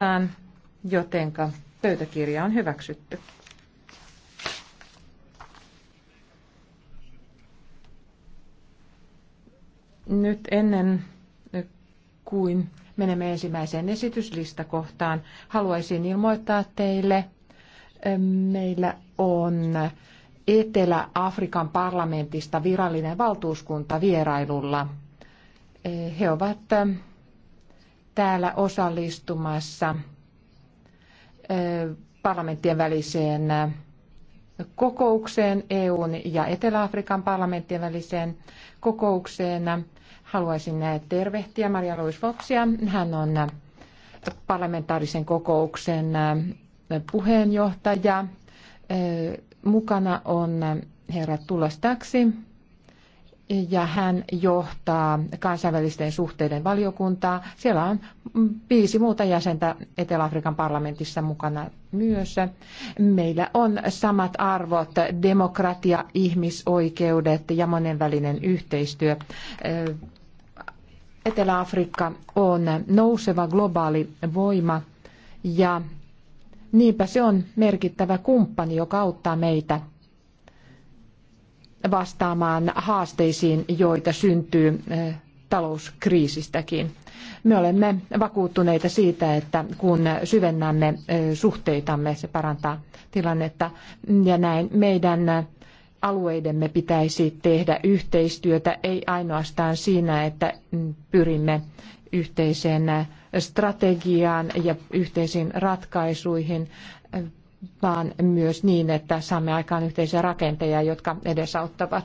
vastaan, jotenka pöytäkirja on hyväksytty. Nyt ennen eh, kuin menemme ensimmäiseen esityslistakohtaan, haluaisin ilmoittaa teille, eh, meillä on Etelä-Afrikan parlamentista virallinen valtuuskunta vierailulla. Eh, he ovat täällä osallistumassa parlamenttien väliseen kokoukseen, EUn ja Etelä-Afrikan parlamenttien väliseen kokoukseen. Haluaisin tervehtiä Maria Louis Foxia. Hän on parlamentaarisen kokouksen puheenjohtaja. Mukana on herra Tulas Taksi, ja hän johtaa kansainvälisten suhteiden valiokuntaa. Siellä on viisi muuta jäsentä Etelä-Afrikan parlamentissa mukana myös. Meillä on samat arvot, demokratia, ihmisoikeudet ja monenvälinen yhteistyö. Etelä-Afrikka on nouseva globaali voima ja niinpä se on merkittävä kumppani, joka auttaa meitä vastaamaan haasteisiin, joita syntyy eh, talouskriisistäkin. Me olemme vakuuttuneita siitä, että kun syvennämme eh, suhteitamme, se parantaa tilannetta ja näin meidän alueidemme pitäisi tehdä yhteistyötä, ei ainoastaan siinä, että mm, pyrimme yhteiseen eh, strategiaan ja yhteisiin ratkaisuihin, vaan myös niin, että saamme aikaan yhteisiä rakenteja, jotka edesauttavat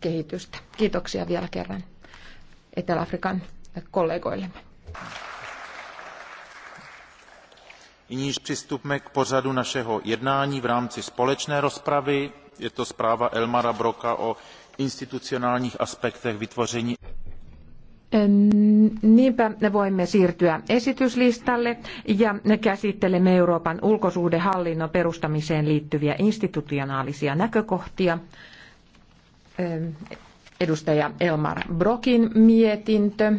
kehitystä. Kiitoksia vielä kerran Etelä-Afrikan kollegoillemme. Nyní přistupme k pořadu našeho jednání v rámci společné rozpravy. Je to zpráva Elmara Broka o institucionálních aspektech vytvoření Niinpä voimme siirtyä esityslistalle ja käsittelemme Euroopan ulkosuhdehallinnon perustamiseen liittyviä institutionaalisia näkökohtia. Edustaja Elmar Brokin mietintö.